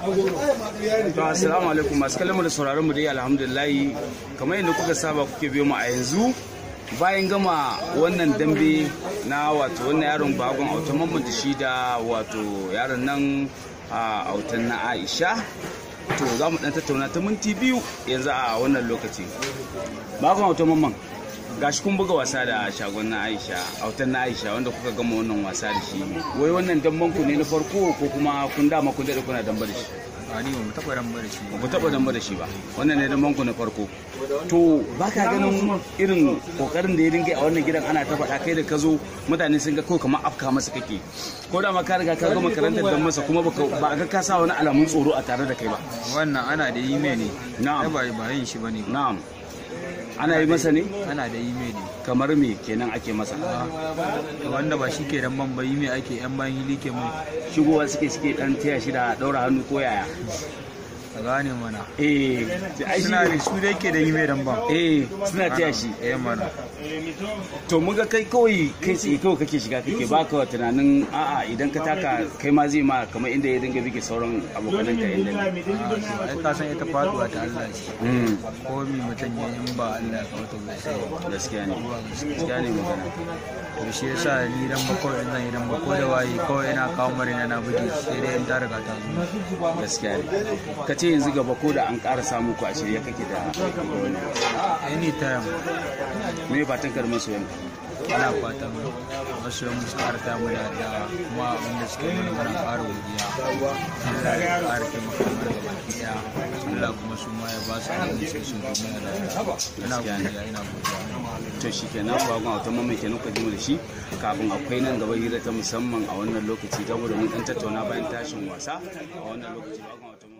To assalamu alaikum masu kalmar da sauraron mu dai alhamdulillahi kamar yadda kuka saba kuke biyo mu a yanzu bayan gama wannan dambe na wato wannan yaron bagon autan mamman da shi da wato yaron nan a autan na Aisha to za mu dan tattauna ta minti biyu yanzu a wannan lokaci bagon autan mamman gashi kun buga wasa da shagon na aisha autan na aisha wanda kuka gama wannan wasa da shi wai wannan damban ku ne na farko ko kuma kun dama kun daɗe kuna damba da shi ba ni ba mu taɓa damba da shi ba ku taɓa damba da shi ba wannan ne damban ku na farko to ba ka ganin irin kokarin da ya dinga a wannan gidan ana ta faɗa kai da ka zo mutane sun ga kawai kamar afka masa kake ko da ma ka riga ka gama karantar dan masa kuma ba ga ka sa wani alamun tsoro a tare da kai ba wannan ana da yi ne na'am ba yin shi bane na'am ana yi masa ne ana da yi mai ne kamar me kenan ake masa wanda ba shi ke dan man ba yi mai ake yan bayan hili ke mai shigowa suke suke dan taya shi da daura hannu ko yaya gane mana eh suna ne su da yake da yi mai damba eh suna taya shi eh mana to mun ga kai kawai kai tsaye kawai kake shiga kake ba ka tunanin a'a idan ka taka kai ma zai ma kamar inda ya dinga bige sauran abokanan ka inda ne ai ka san ita faduwa ta Allah ce hmm. ko mi mutum ne in ba Allah ka wata gaskiya gaskiya ne gaskiya ne magana to shi yasa ni dan ba kawai zan yi dan ba ko da waye kawai ina kawo mare na na buge sai dai in ta riga ta gaskiya ne kace yanzu gaba ko da an ƙara samu ku a shirya kake da any time me fatan kar masoyan ana fatan masoyan mu su karta mu da da kuma wanda suke mana karan ƙara godiya Allah ya ƙara taimaka mana gaba ɗaya Allah kuma su ma ya ba su aiki sai sun zo mana da ina ina godiya to shi na ba gwan wata kenan ku ji mu da shi kafin akwai nan gaba hira ta musamman a wannan lokaci a mun dan tattauna bayan tashin wasa a wannan lokaci ba gwan wata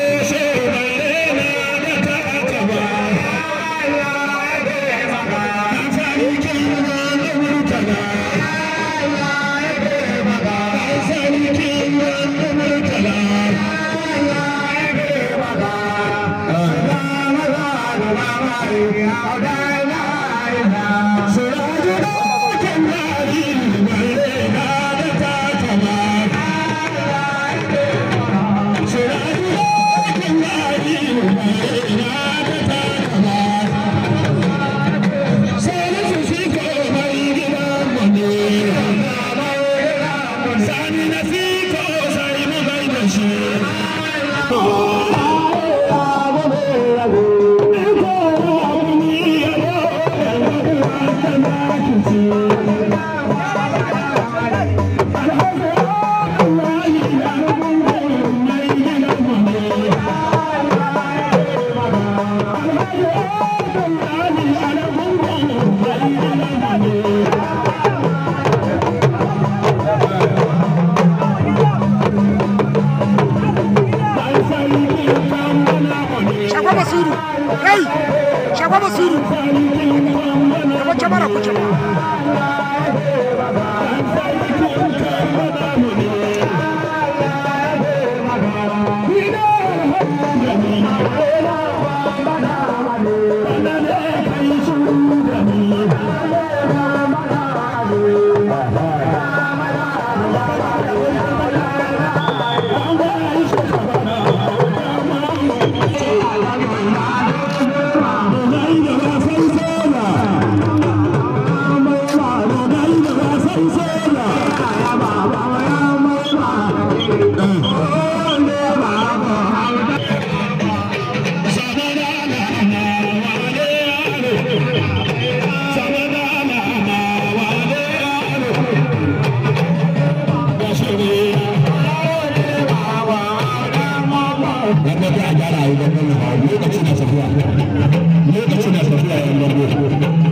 I'll die, die, baba basiru da mace mara kuce ba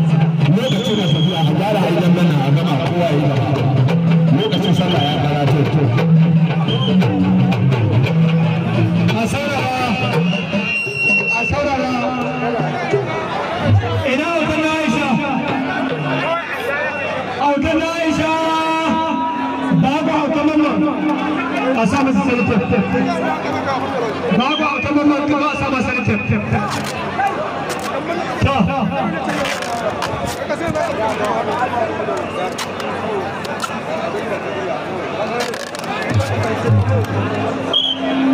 Lokacin na tafiya a gyara hanyar mana a gama kowa yi gaba lokacin sallah ya fara karatu a saurara a saurara ina hoton na aisha hoton na aisha babu hoton mamman a sa masa sarki babu hoton mamman ba a sa masa sarki Thank you.